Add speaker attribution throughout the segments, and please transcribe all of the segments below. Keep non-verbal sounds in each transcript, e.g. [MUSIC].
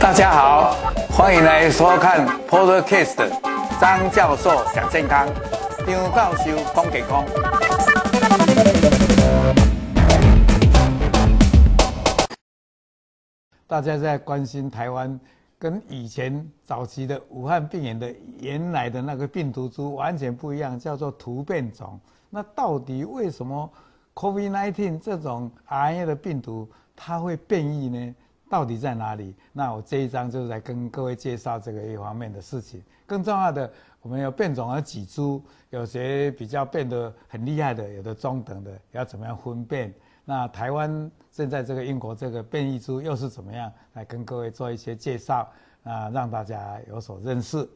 Speaker 1: 大家好，歡迎來收看 Podcast 張教授講健康，張教修空給空，大家在關心台灣跟以前早期的武漢病人的原來的那個病毒株完全不一樣，叫做突變種。那到底為什麼？COVID-19 這種 RNA 的病毒，它會變異呢？到底在哪裡？那我這一章就是來跟各位介紹這個一方面的事情。更重要的，我們有變種了幾株，有些比較變得很厲害的，有的中等的，要怎麼樣分辨？那台灣現在這個英國這個變異株又是怎麼樣？來跟各位做一些介紹，啊，讓大家有所認識。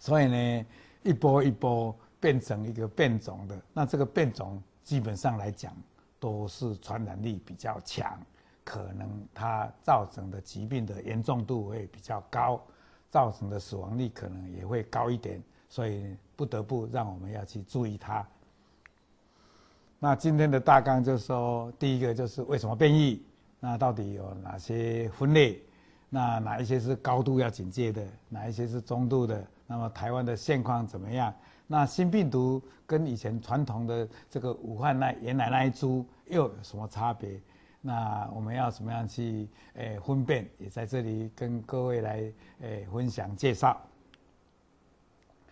Speaker 1: 所以呢，一波一波。變成一個變種的，那這個變種基本上來講都是傳染力比較強，可能它造成的疾病的嚴重度會比較高，造成的死亡率可能也會高一點，所以不得不讓我們要去注意它。那今天的大綱就是說，第一個就是為什麼變異？那到底有哪些分類？那哪一些是高度要警戒的？哪一些是中度的？那麼台灣的現況怎麼樣？那新病毒跟以前傳統的這個武漢那原來那一株又有什麼差別？那我們要怎麼樣去誒分辨？也在這裡跟各位來誒分享介紹。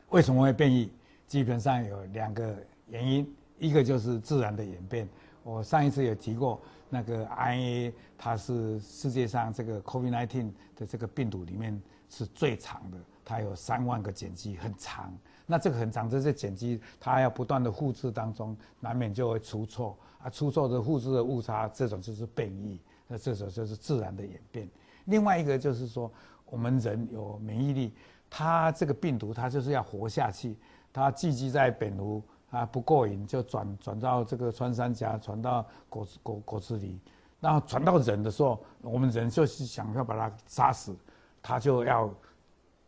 Speaker 1: 為什麼會變異？基本上有兩個原因，一個就是自然的演變。我上一次有提過，那個 RNA 它是世界上這個 COVID-19 的這個病毒裡面是最長的，它有三萬個鹼基，很長。那這個很長這些鹼基，它要不斷的複製當中，難免就會出錯啊！出錯的複製的誤差，這種就是變異，那這種就是自然的演變。另外一個就是說，我們人有免疫力，它這個病毒它就是要活下去，它寄居在蝙蝠啊，不過癮，就轉轉到這個穿山甲，傳到果果果子狸，然後傳到人的時候，我們人就是想要把它殺死，它就要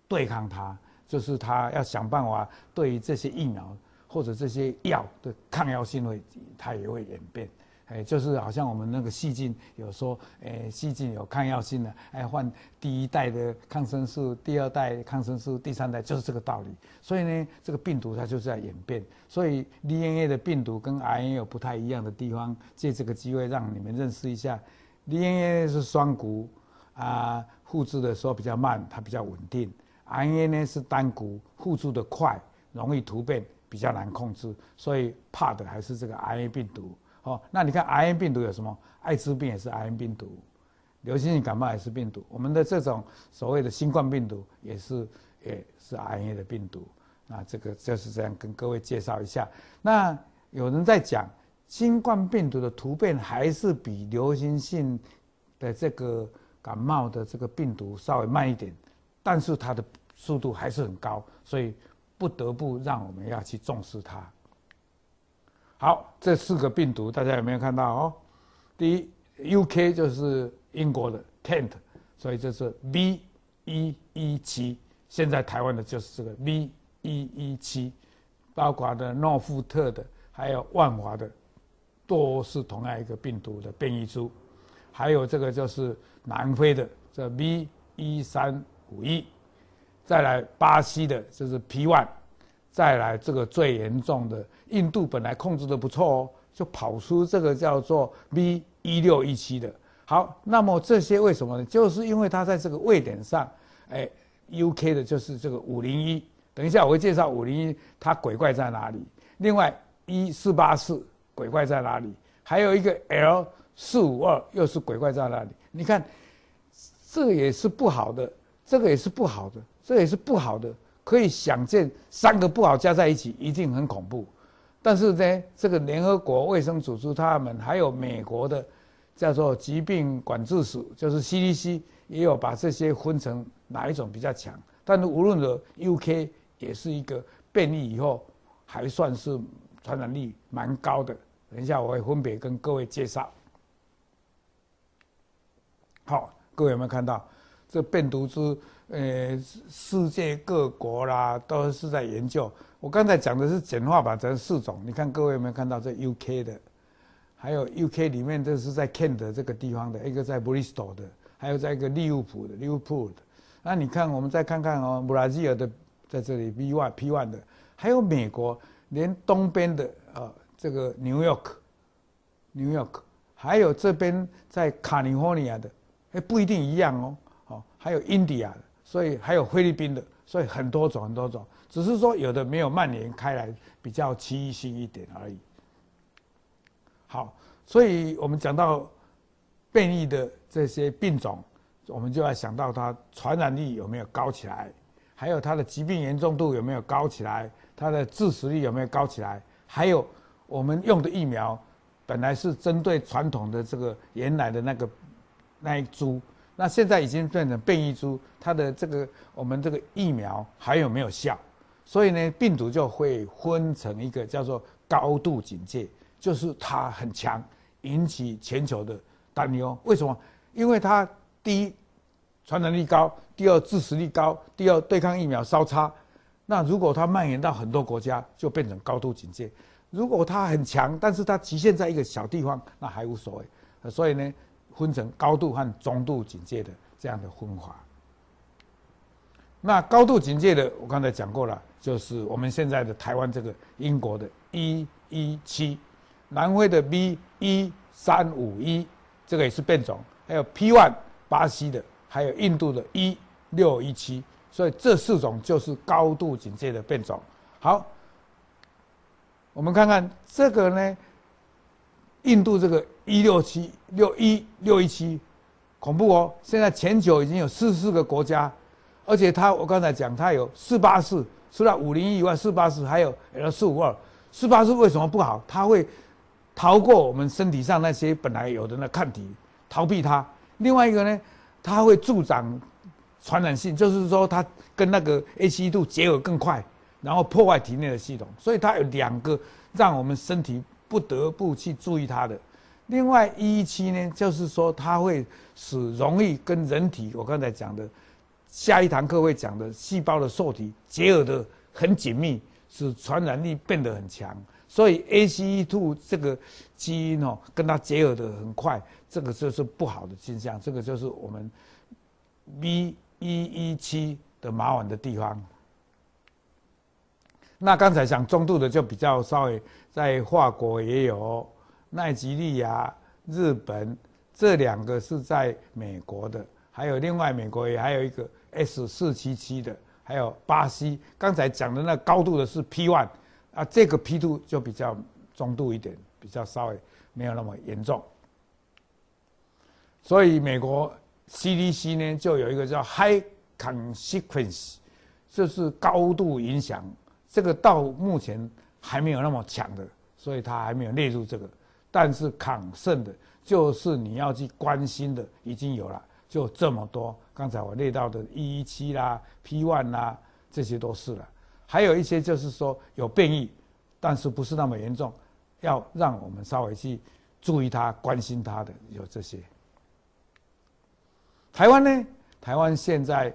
Speaker 1: 對抗它。就是他要想辦法，對於這些疫苗或者這些藥的抗藥性會，它也會演變，哎，就是好像我們那個細菌有說，哎，細菌有抗藥性的，哎，換第一代的抗生素，第二代抗生素，第三代就是這個道理。所以呢，這個病毒它就是在演變。所以 D N A 的病毒跟 R N A 有不太一樣的地方，借這個機會讓你們認識一下，D N A 是雙股，啊，複製的時候比較慢，它比較穩定。RNA 呢是單股，複製的快，容易突變，比較難控制，所以怕的還是這個 RNA 病毒。哦，oh，那你看 RNA 病毒有什麼？艾滋病也是 RNA 病毒，流行性感冒也是病毒。我們的這種所謂的新冠病毒也是，也是 RNA 的病毒。啊，這個就是這樣跟各位介紹一下。那有人在講，新冠病毒的突變還是比流行性的這個感冒的這個病毒稍微慢一點，但是它的。速度還是很高，所以不得不讓我們要去重視它。好，這四個病毒大家有沒有看到哦？第一，U.K. 就是英國的 Kent，所以這是 B117。現在台灣的就是這個 B117，包括的諾富特的還有萬華的，都是同樣一個病毒的變異株。還有這個就是南非的這 B1351。再來巴西的就是 P1，再來這個最嚴重的印度本來控制的不錯哦，就跑出這個叫做 B 一六一七的。好，那麼這些為什麼呢？就是因為它在這個位點上，哎，欸，UK 的就是這個五零一，等一下我會介紹五零一它鬼怪在哪裡。另外一四八四鬼怪在哪裡？還有一個 L 四五二又是鬼怪在哪裡？你看，這個也是不好的，這個也是不好的。這也是不好的，可以想見，三個不好加在一起一定很恐怖。但是呢，這個聯合國衛生組織，他們還有美國的，叫做疾病管制署，就是 CDC，也有把這些分成哪一種比較強。但是無論如何，UK 也是一個變異以後，還算是傳染力蠻高的。等一下我會分別跟各位介紹。好、哦，各位有沒有看到？這病毒是，呃，世界各國啦都是在研究。我剛才講的是簡化版，這是四種。你看各位有沒有看到這 U K 的，還有 U K 裡面這是在 Kent 這個地方的，一個在 Bristol 的，還有在一個利物浦的，利物浦的。那你看，我們再看看哦，巴西爾的在這裡 V one P one 的，還有美國，連東邊的啊、哦，這個 New York，New York，還有這邊在卡尼福尼亞的，誒，不一定一樣哦。哦，還有印度的，所以還有菲律賓的，所以很多種很多種，只是說有的沒有蔓延開來，比較區域性一點而已。好，所以我們講到變異的這些病種，我們就要想到它傳染力有沒有高起來，還有它的疾病嚴重度有沒有高起來，它的致死率有沒有高起來，還有我們用的疫苗本來是針對傳統的這個原來的那個那一株。那現在已經變成變異株，它的這個我們這個疫苗還有沒有效？所以呢，病毒就會分成一個叫做高度警戒，就是它很強，引起全球的擔憂。為什麼？因為它第一，傳染力高；第二，致死率高；第二，對抗疫苗稍差。那如果它蔓延到很多國家，就變成高度警戒。如果它很強，但是它局限在一個小地方，那還無所謂。所以呢，分成高度和中度警戒的這樣的分法。那高度警戒的，我剛才講過了，就是我們現在的台灣這個英國的 E 一七，南非的 B 一三五一，這個也是變種，還有 P 1巴西的，還有印度的 E 六一七，所以這四種就是高度警戒的變種。好，我們看看這個呢。印度這個一六七六一六一七，恐怖哦！現在全球已經有四十四個國家，而且它我剛才講它有四八四，除了五零一以外，四八四還有 L 四五二。四八四為什麼不好？它會逃過我們身體上那些本來有的那抗體，逃避它。另外一個呢，它會助長傳染性，就是說它跟那個 H 一度結合更快，然後破壞體內的系統。所以它有兩個讓我們身體。不得不去注意它的。另外一一七呢，就是說它會使容易跟人體，我剛才講的，下一堂課會講的細胞的受體結合的很緊密，使傳染力變得很強。所以 ACE2 這個基因哦，跟它結合的很快，這個就是不好的現象，這個就是我們 B 一一七的麻煩的地方。那剛才講中度的就比較稍微。在法國也有，奈及利亞、日本這兩個是在美國的，還有另外美國也還有一個 S 四七七的。還有巴西，剛才講的那高度的是 P one。啊，這個 P two 就比較中度一點，比較稍微沒有那麼嚴重。所以美國 CDC 呢就有一個叫 High Consequence，就是高度影響。這個到目前還沒有那麼強的，所以它還沒有列入這個。但是抗勝的，就是你要去關心的，已經有了，就這麼多。剛才我列到的117啦、P1 啦，這些都是了。還有一些就是說有變異，但是不是那麼嚴重，要讓我們稍微去注意它、關心它的，有這些。台灣呢，台灣現在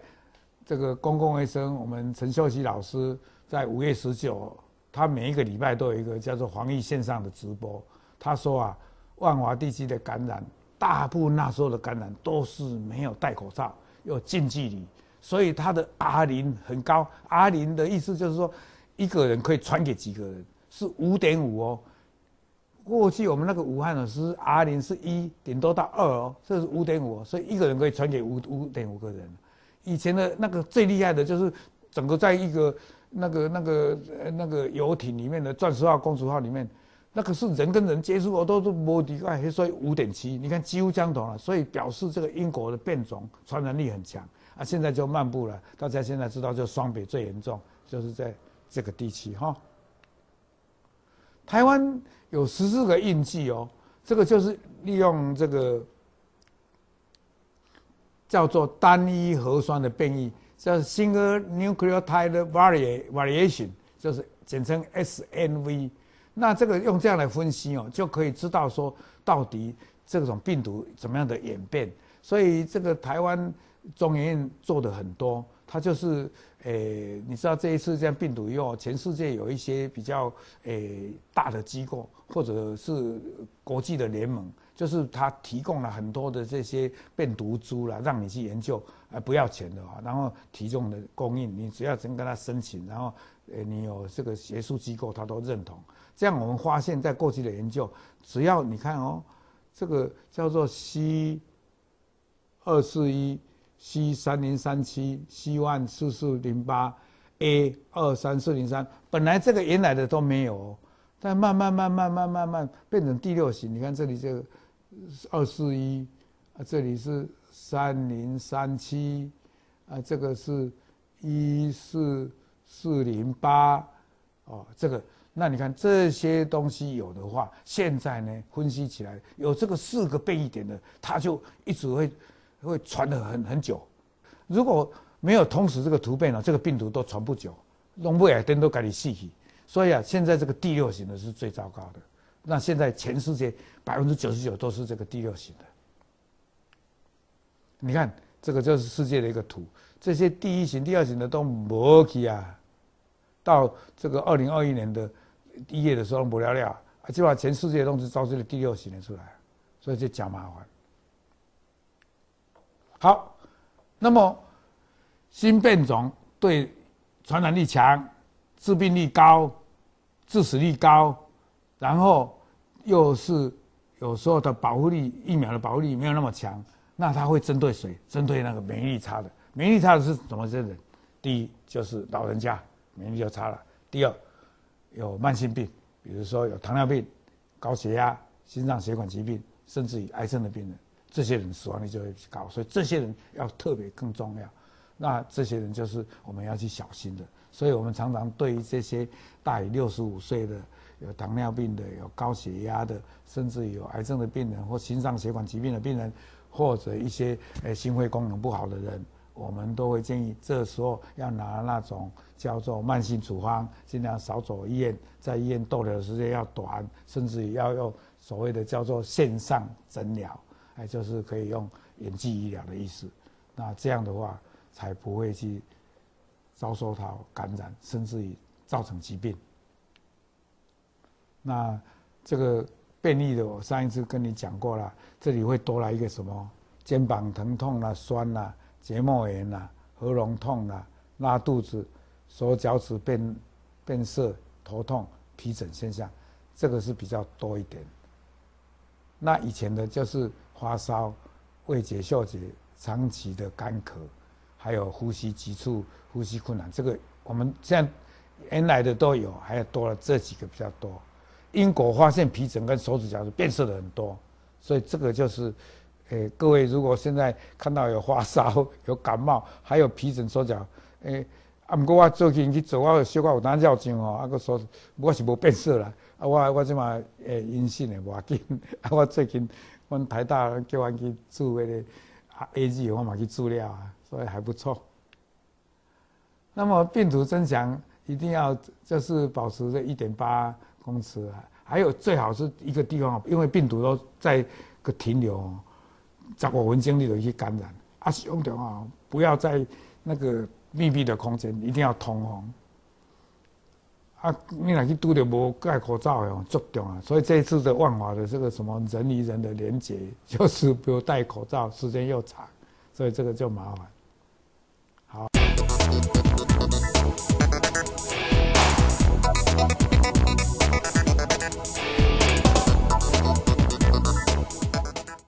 Speaker 1: 這個公共衛生，我們陳秀熙老師。在五月十九，他每一個禮拜都有一個叫做防疫線上的直播。他說啊，萬華地區的感染，大部分那時候的感染都是沒有戴口罩，有近距離，所以他的 R 零很高。R 零的意思就是說，一個人可以傳給幾個人，是五點五哦。過去我們那個武漢的是 R 零是一，點多到二哦、喔，這是五點五，所以一個人可以傳給五五點五個人。以前的那個最厲害的就是整個在一個。那個、那個、呃，那個遊艇裡面的鑽石號、公主號裡面，那個是人跟人接觸，我都都摸底塊，所以五點七，你看幾乎相同了、啊，所以表示這個英國的變種傳染力很強啊。現在就漫步了，大家現在知道就雙北最嚴重，就是在這個地區哈。台灣有十四個印記哦，這個就是利用這個叫做單一核酸的變異。叫 single nucleotide variant variation，就是簡稱 SNV，那這個用這樣來分析哦、喔，就可以知道說到底這種病毒怎麼樣的演變。所以這個台灣中研院做的很多，它就是誒、欸，你知道這一次這樣病毒以後，全世界有一些比較誒、欸、大的機構或者是國際的聯盟。就是他提供了很多的這些病毒株啦，讓你去研究，啊，不要錢的哈。然後提供的供應，你只要先跟他申請，然後，你有這個學術機構，他都認同。這樣我們發現在過去的研究，只要你看哦、喔，這個叫做 C 二四一，C 三零三七，C 萬四四零八，A 二三四零三，本來這個原來的都沒有，但慢慢慢慢慢慢慢變成第六型。你看這裡這個。二四一啊，1 1, 這裡是三零三七，啊，這個是一四四零八，哦，這個，那你看這些東西有的話，現在呢，分析起來有這個四個變異點的，它就一直會會傳的很很久。如果沒有同時這個突變呢，這個病毒都傳不久，龍布爾登都改你細提，所以啊，現在這個第六型的是最糟糕的。那現在全世界百分之九十九都是這個第六型的。你看這個就是世界的一個圖，這些第一型、第二型的都磨起啊，到這個二零二一年的一月的時候，不了了，就把全世界都是招出了第六型的出來，所以就講麻煩。好，那麼新變種對傳染力強、致病率高、致死率高。然後又是有時候的保護力疫苗的保護力沒有那麼強，那它會針對誰？針對那個免疫力差的，免疫力差的是什麼人？第一就是老人家免疫力就差了；第二有慢性病，比如說有糖尿病、高血壓、心臟血管疾病，甚至於癌症的病人，這些人死亡率就會高，所以這些人要特別更重要。那這些人就是我們要去小心的，所以我們常常對於這些大於六十五歲的。有糖尿病的，有高血壓的，甚至有癌症的病人或心臟血管疾病的病人，或者一些誒心肺功能不好的人，我們都會建議這時候要拿那種叫做慢性處方，盡量少走醫院，在醫院逗留的時間要短，甚至要用所謂的叫做線上診療，哎，就是可以用遠距醫療的意思。那這樣的話才不會去遭受到感染，甚至於造成疾病。那這個變異的，我上一次跟你講過了，這裡會多了一個什麼？肩膀疼痛啊，酸啊，結膜炎啊，喉嚨痛啊，拉肚子、手腳趾變變色、頭痛、皮疹現象，這個是比較多一點。那以前的，就是發燒、味覺、嗅覺、長期的乾咳，還有呼吸急促、呼吸困難，這個我們現在原來的都有，還有多了這幾個比較多。英國發現皮疹跟手指甲是變色了很多，所以這個就是，誒、欸，各位如果現在看到有發燒、有感冒，還有皮疹、手腳，誒，啊，毋過我最近去做，我小可有單藥症哦，那、啊、個手我是無變色啦，啊我我即馬誒陰性的話金，啊我最近，阮台大叫俺去做嗰個，A 啊 G 我嘛去治療啊，所以還不錯。那麼病毒增強一定要就是保持在一點八。公司啊，還有最好是一個地方，因為病毒都在個停留在我文件裡頭一些感染啊，重點啊，不要在那個密閉的空間，一定要通風啊，要啊。你若去堵着不戴口罩的哦，着啊。所以這一次的萬華的這個什麼人與人的連結，就是不戴口罩，時間又長，所以這個就麻煩。好。 [MUSIC]